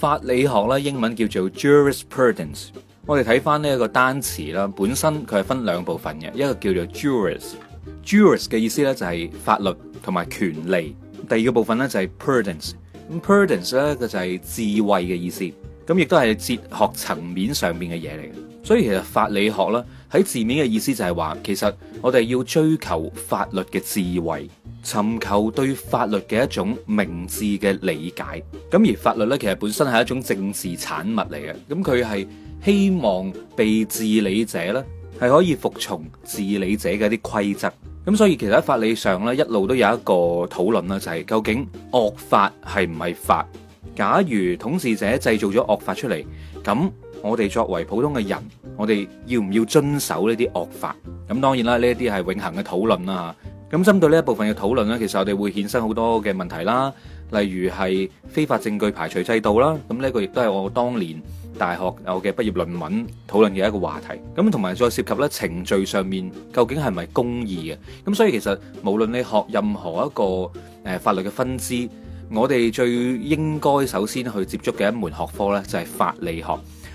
法理學咧，英文叫做 jurisprudence。我哋睇翻呢一個單詞啦，本身佢係分兩部分嘅，一個叫做 juris，juris 嘅意思咧就係法律同埋權利。第二個部分咧就係 prudence，咁 prudence 咧佢就係智慧嘅意思。咁亦都係哲學層面上面嘅嘢嚟。所以其實法理學咧，喺字面嘅意思就係話，其實我哋要追求法律嘅智慧，尋求對法律嘅一種明智嘅理解。咁而法律呢，其實本身係一種政治產物嚟嘅，咁佢係希望被治理者呢，係可以服從治理者嘅啲規則。咁所以其實法理上呢，一路都有一個討論啦，就係究竟惡法係唔係法？假如統治者製造咗惡法出嚟，咁我哋作為普通嘅人，我哋要唔要遵守呢啲惡法？咁當然啦，呢一啲係永恒嘅討論啦。咁針對呢一部分嘅討論呢，其實我哋會衍生好多嘅問題啦，例如係非法證據排除制度啦。咁呢個亦都係我當年大學有嘅畢業論文討論嘅一個話題。咁同埋再涉及咧程序上面究竟係咪公義嘅？咁所以其實無論你學任何一個誒法律嘅分支。我哋最應該首先去接觸嘅一門學科呢，就係法理學，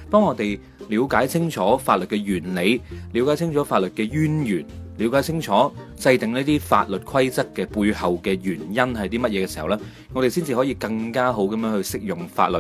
當我哋了解清楚法律嘅原理，了解清楚法律嘅淵源，了解清楚制定呢啲法律規則嘅背後嘅原因係啲乜嘢嘅時候呢，我哋先至可以更加好咁樣去適用法律，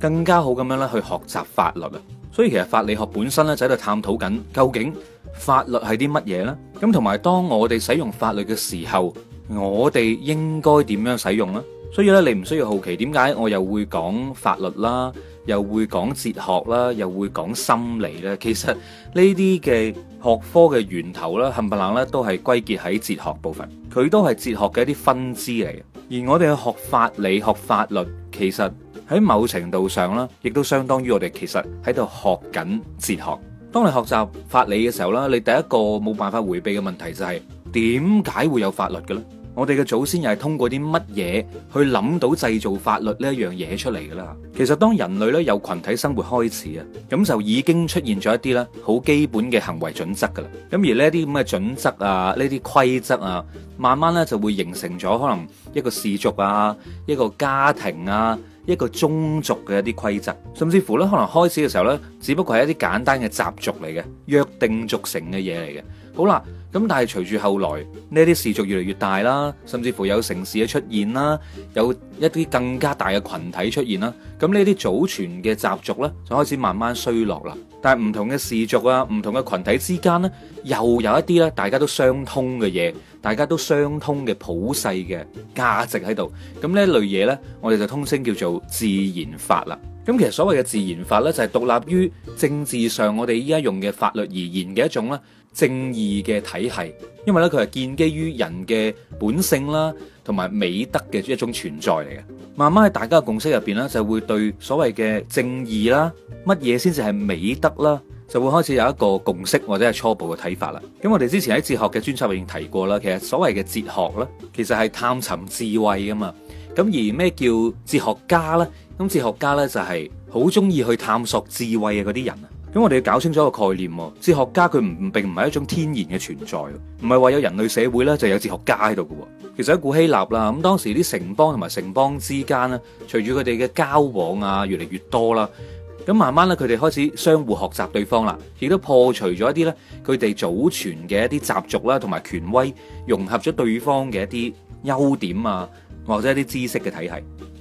更加好咁樣咧去學習法律啊。所以其實法理學本身咧就喺度探討緊究竟法律係啲乜嘢呢？咁同埋，當我哋使用法律嘅時候，我哋應該點樣使用呢？所以咧，你唔需要好奇點解我又會講法律啦，又會講哲學啦，又會講心理咧。其實呢啲嘅學科嘅源頭啦，冚唪唥咧都係歸結喺哲學部分，佢都係哲學嘅一啲分支嚟。而我哋去學法理、學法律，其實喺某程度上啦，亦都相當於我哋其實喺度學緊哲學。當你學習法理嘅時候啦，你第一個冇辦法迴避嘅問題就係點解會有法律嘅咧？我哋嘅祖先又係通過啲乜嘢去諗到製造法律呢一樣嘢出嚟嘅啦？其實當人類咧由群體生活開始啊，咁就已經出現咗一啲咧好基本嘅行為準則噶啦。咁而呢啲咁嘅準則啊，呢啲規則啊，慢慢呢就會形成咗可能一個氏族啊，一個家庭啊，一個宗族嘅一啲規則，甚至乎呢，可能開始嘅時候呢，只不過係一啲簡單嘅習俗嚟嘅，約定俗成嘅嘢嚟嘅。好啦，咁但係隨住後來呢啲氏族越嚟越大啦，甚至乎有城市嘅出現啦，有一啲更加大嘅群體出現啦，咁呢啲祖傳嘅習俗呢，就開始慢慢衰落啦。但係唔同嘅氏族啊，唔同嘅群體之間呢，又有一啲呢大家都相通嘅嘢，大家都相通嘅普世嘅價值喺度。咁呢一類嘢呢，我哋就通稱叫做自然法啦。咁其實所謂嘅自然法呢，就係獨立於政治上我哋依家用嘅法律而言嘅一種咧。正義嘅體系，因為咧佢係建基於人嘅本性啦，同埋美德嘅一種存在嚟嘅。慢慢喺大家嘅共識入邊咧，就會對所謂嘅正義啦，乜嘢先至係美德啦，就會開始有一個共識或者係初步嘅睇法啦。咁我哋之前喺哲學嘅專輯入邊提過啦，其實所謂嘅哲學咧，其實係探尋智慧㗎嘛。咁而咩叫哲學家呢？咁哲學家呢，就係好中意去探索智慧嘅嗰啲人啊。咁我哋要搞清楚一個概念，哲學家佢唔並唔係一種天然嘅存在，唔係話有人類社會咧就有哲學家喺度嘅。其實喺古希臘啦，咁當時啲城邦同埋城邦之間咧，隨住佢哋嘅交往啊越嚟越多啦，咁慢慢咧佢哋開始相互學習對方啦，亦都破除咗一啲咧佢哋祖傳嘅一啲習俗啦同埋權威，融合咗對方嘅一啲優點啊或者一啲知識嘅體系。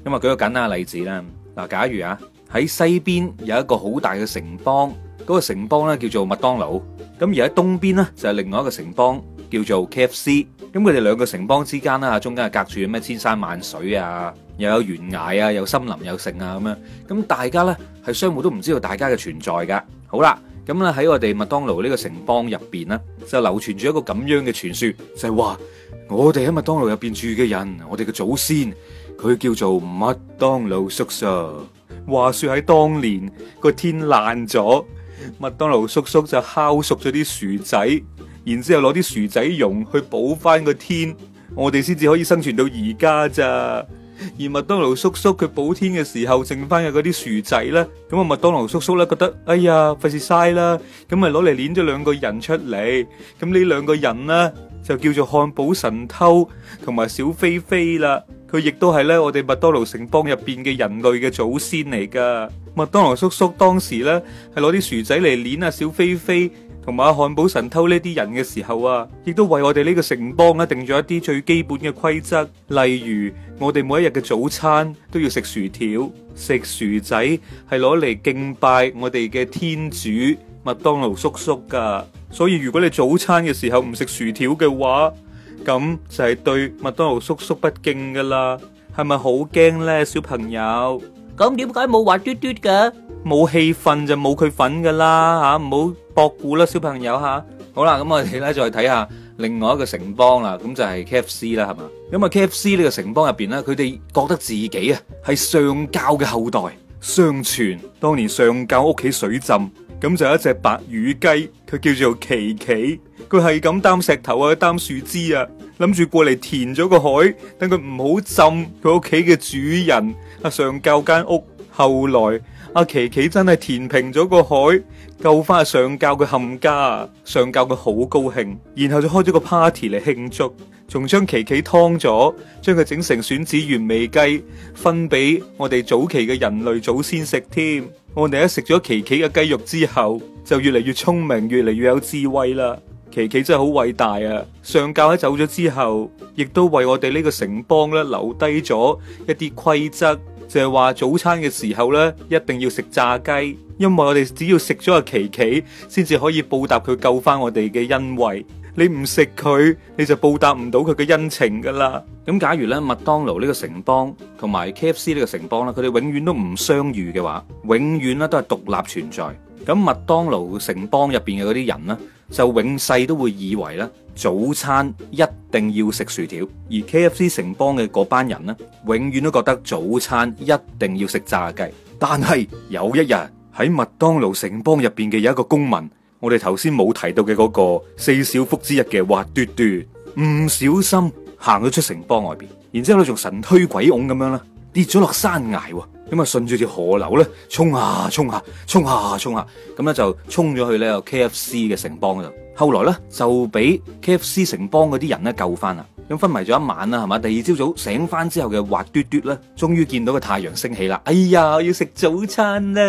咁啊，舉個簡單嘅例子啦，嗱，假如啊。喺西邊有一個好大嘅城邦，嗰、那個城邦咧叫做麥當勞。咁而喺東邊呢，就係、是、另外一個城邦叫做 KFC。咁佢哋兩個城邦之間啦，中間隔住咩千山萬水啊，又有懸崖啊，有森林、啊，有城啊咁樣。咁大家呢，係相互都唔知道大家嘅存在噶。好啦，咁咧喺我哋麥當勞呢個城邦入邊呢，就流傳住一個咁樣嘅傳說，就係、是、話我哋喺麥當勞入邊住嘅人，我哋嘅祖先佢叫做麥當勞叔叔。話說喺當年個天爛咗，麥當勞叔叔就烤熟咗啲薯仔，然之後攞啲薯仔蓉去補翻個天，我哋先至可以生存到而家咋。而麥當勞叔叔佢補天嘅時候剩翻嘅嗰啲薯仔呢，咁啊麥當勞叔叔咧覺得哎呀費事嘥啦，咁咪攞嚟捏咗兩個人出嚟，咁呢兩個人呢，就叫做漢堡神偷同埋小菲菲啦。佢亦都係咧，我哋麥當勞城邦入邊嘅人類嘅祖先嚟噶。麥當勞叔叔當時咧，係攞啲薯仔嚟捻啊小菲菲同埋啊漢堡神偷呢啲人嘅時候啊，亦都為我哋呢個城邦啊定咗一啲最基本嘅規則，例如我哋每一日嘅早餐都要食薯條、食薯仔，係攞嚟敬拜我哋嘅天主麥當勞叔叔噶。所以如果你早餐嘅時候唔食薯條嘅話，咁就係對麥當勞叔叔不敬噶啦，係咪好驚咧，小朋友？咁點解冇話嘟嘟噶？冇氣憤就冇佢份噶啦，吓唔好博估啦，小朋友吓。好啦，咁我哋咧再睇下另外一個城邦啦，咁就係 K F C 啦，係嘛？咁啊 K F C 呢個城邦入邊咧，佢哋覺得自己啊係上校嘅後代，相傳當年上校屋企水浸。咁就有一隻白羽雞，佢叫做琪琪，佢係咁擔石頭啊，擔樹枝啊，諗住過嚟填咗個海，等佢唔好浸佢屋企嘅主人啊，上校間屋。後來阿琪琪真係填平咗個海，救翻上校嘅冚家，上校佢好高興，然後就開咗個 party 嚟慶祝。仲將琪琪劏咗，將佢整成選子原味雞，分俾我哋早期嘅人類祖先食添。我哋一食咗琪琪嘅雞肉之後，就越嚟越聰明，越嚟越有智慧啦。琪琪真係好偉大啊！上校喺走咗之後，亦都為我哋呢個城邦咧留低咗一啲規則，就係話早餐嘅時候咧，一定要食炸雞，因為我哋只要食咗阿琪琪，先至可以報答佢救翻我哋嘅恩惠。你唔食佢，你就報答唔到佢嘅恩情噶啦。咁假如咧，麥當勞呢個城邦同埋 KFC 呢個城邦啦，佢哋永遠都唔相遇嘅話，永遠咧都係獨立存在。咁麥當勞城邦入邊嘅嗰啲人呢，就永世都會以為咧早餐一定要食薯條，而 KFC 城邦嘅嗰班人呢，永遠都覺得早餐一定要食炸雞。但係有一日，喺麥當勞城邦入邊嘅有一個公民。我哋頭先冇提到嘅嗰個四小福之一嘅滑嘟嘟，唔小心行咗出城邦外邊，然之後咧仲神推鬼拱咁樣啦，跌咗落山崖，咁啊順住條河流咧沖下、啊、沖下、啊、沖下、啊、沖下、啊，咁咧、啊、就沖咗去呢個 K F C 嘅城邦度，後來咧就俾 K F C 城邦嗰啲人咧救翻啦。咁昏迷咗一晚啦，係嘛？第二朝早醒翻之後嘅滑嘟嘟咧，終於見到個太陽升起啦！哎呀，要食早餐啦！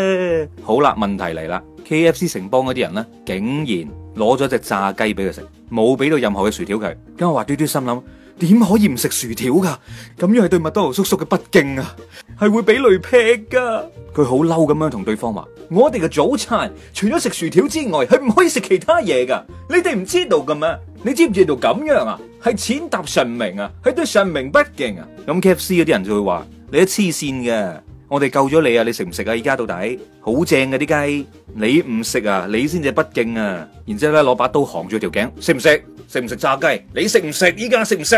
好啦，問題嚟啦，K F C 城邦嗰啲人咧，竟然攞咗隻炸雞俾佢食，冇俾到任何嘅薯條佢。咁我滑嘟嘟心諗，點可以唔食薯條噶？咁樣係對麥當勞叔叔嘅不敬啊，係 會俾雷劈噶！佢好嬲咁樣同對方話： 我哋嘅早餐除咗食薯條之外，係唔可以食其他嘢噶。你哋唔知道噶咩？你知唔知道咁樣啊？係踐踏神明啊，係對神明不敬啊！咁 K F C 嗰啲人就會話：你啲黐線嘅，我哋救咗你啊！你食唔食啊？依家到底好正嘅、啊、啲雞，你唔食啊，你先至不敬啊！然之後咧攞把刀行住條頸，食唔食？食唔食炸雞？你食唔食？依家食唔食？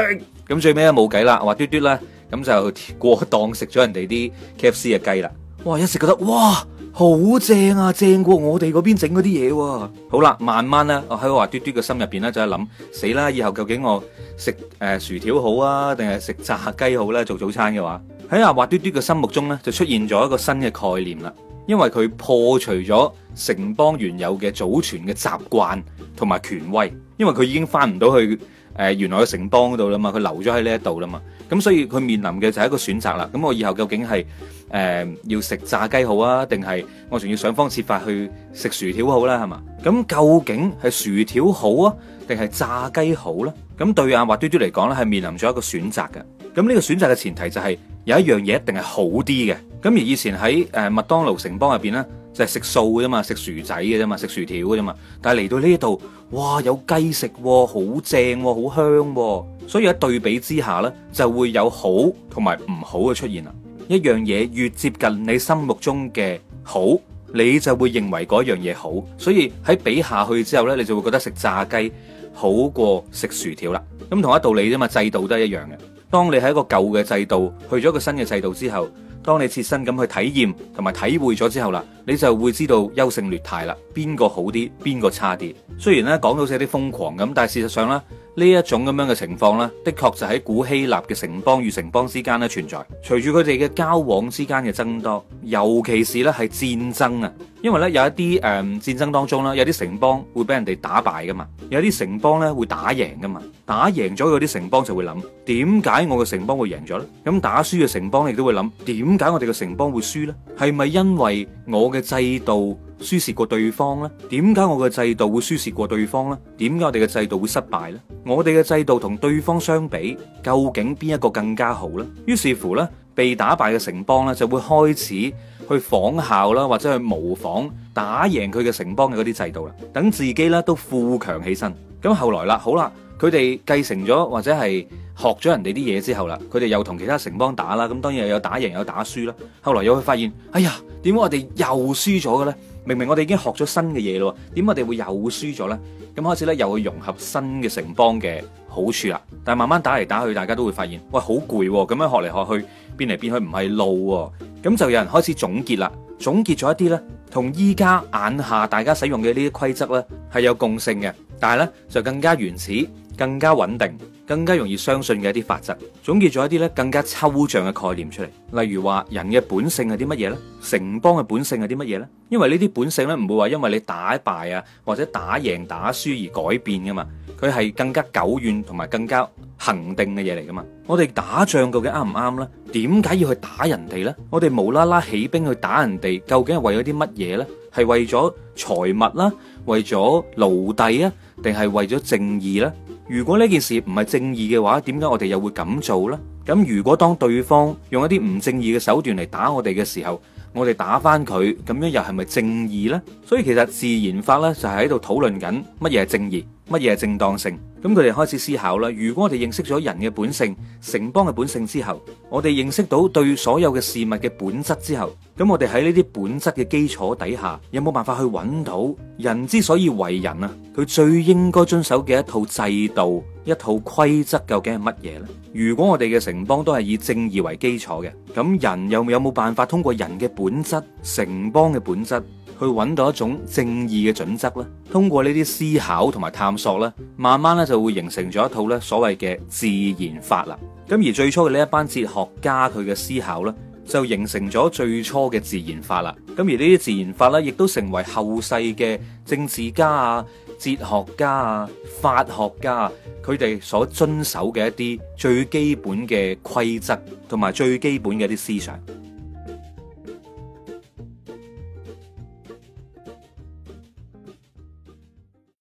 咁最尾咧冇計啦，話嘟嘟咧咁就過檔食咗人哋啲 K F C 嘅雞啦！哇，一時覺得哇～好正啊，正過我哋嗰邊整嗰啲嘢喎！好啦，慢慢呢，我喺、啊、華嘟嘟嘅心入邊呢，就係諗，死啦！以後究竟我食誒、呃、薯條好啊，定係食炸雞好呢、啊？做早餐嘅話，喺阿華嘟嘟嘅心目中呢，就出現咗一個新嘅概念啦，因為佢破除咗城邦原有嘅祖傳嘅習慣同埋權威，因為佢已經翻唔到去。誒原來個城邦度啦嘛，佢留咗喺呢一度啦嘛，咁所以佢面臨嘅就係一個選擇啦。咁我以後究竟係誒、呃、要食炸雞好啊，定係我仲要想方設法去食薯條好啦？係嘛？咁究竟係薯條好啊，定係、啊、炸雞好咧？咁對阿、啊、華嘟嘟嚟講咧，係面臨咗一個選擇嘅。咁呢個選擇嘅前提就係、是、有一樣嘢一定係好啲嘅。咁而以前喺誒麥當勞城邦入邊咧。就係食素嘅啫嘛，食薯仔嘅啫嘛，食薯條嘅啫嘛。但係嚟到呢度，哇，有雞食喎，好正喎，好香喎。所以喺對比之下呢，就會有好同埋唔好嘅出現啦。一樣嘢越接近你心目中嘅好，你就會認為嗰樣嘢好。所以喺比下去之後呢，你就會覺得食炸雞好過食薯條啦。咁同一道理啫嘛，制度都係一樣嘅。當你喺一個舊嘅制度去咗一個新嘅制度之後。當你切身咁去體驗同埋體會咗之後啦，你就會知道優勝劣汰啦，邊個好啲，邊個差啲。雖然咧講到似啲瘋狂咁，但係事實上咧。呢一種咁樣嘅情況呢，的確就喺古希臘嘅城邦與城邦之間咧存在。隨住佢哋嘅交往之間嘅增多，尤其是呢係戰爭啊，因為呢有一啲誒、呃、戰爭當中啦，有啲城邦會俾人哋打敗㗎嘛，有啲城邦呢會打贏㗎嘛。打贏咗有啲城邦就會諗點解我嘅城邦會贏咗呢？輸」咁打輸嘅城邦亦都會諗點解我哋嘅城邦會輸呢？係咪因為我嘅制度？輸蝕過對方呢？點解我嘅制度會輸蝕過對方呢？點解我哋嘅制度會失敗呢？我哋嘅制度同對方相比，究竟邊一個更加好呢？於是乎呢，被打敗嘅城邦呢，就會開始去仿效啦，或者去模仿打贏佢嘅城邦嘅嗰啲制度啦，等自己呢都富強起身。咁後來啦，好啦，佢哋繼承咗或者係學咗人哋啲嘢之後啦，佢哋又同其他城邦打啦。咁當然又有打贏，有打輸啦。後來又會發現，哎呀，點解我哋又輸咗嘅咧？明明我哋已經學咗新嘅嘢咯，點我哋會又輸咗呢？咁開始呢，又去融合新嘅城邦嘅好處啦。但慢慢打嚟打去，大家都會發現，喂，好攰，咁樣學嚟學去，變嚟變去唔係路啊。咁就有人開始總結啦，總結咗一啲呢，同依家眼下大家使用嘅呢啲規則呢，係有共性嘅，但係呢，就更加原始，更加穩定。更加容易相信嘅一啲法則，總結咗一啲咧更加抽象嘅概念出嚟，例如話人嘅本性係啲乜嘢咧？城邦嘅本性係啲乜嘢咧？因為呢啲本性咧唔會話因為你打敗啊或者打贏打輸而改變噶嘛，佢係更加久遠同埋更加恒定嘅嘢嚟噶嘛。我哋打仗究竟啱唔啱咧？點解要去打人哋呢？我哋無啦啦起兵去打人哋，究竟係為咗啲乜嘢呢？係為咗財物啦、啊，為咗奴隸啊，定係為咗正義呢、啊？如果呢件事唔係正義嘅話，點解我哋又會咁做呢？咁如果當對方用一啲唔正義嘅手段嚟打我哋嘅時候，我哋打翻佢，咁樣又係咪正義呢？所以其實自然法呢，就係喺度討論緊乜嘢係正義。乜嘢係正當性？咁佢哋開始思考啦。如果我哋認識咗人嘅本性、城邦嘅本性之後，我哋認識到對所有嘅事物嘅本質之後，咁我哋喺呢啲本質嘅基礎底下，有冇辦法去揾到人之所以為人啊？佢最應該遵守嘅一套制度、一套規則究竟係乜嘢呢？如果我哋嘅城邦都係以正義為基礎嘅，咁人有有冇辦法通過人嘅本質、城邦嘅本質？去揾到一種正義嘅準則咧，通過呢啲思考同埋探索呢，慢慢呢就會形成咗一套呢所謂嘅自然法啦。咁而最初嘅呢一班哲學家，佢嘅思考呢就形成咗最初嘅自然法啦。咁而呢啲自然法呢，亦都成為後世嘅政治家啊、哲學家啊、法學家，佢哋所遵守嘅一啲最基本嘅規則同埋最基本嘅一啲思想。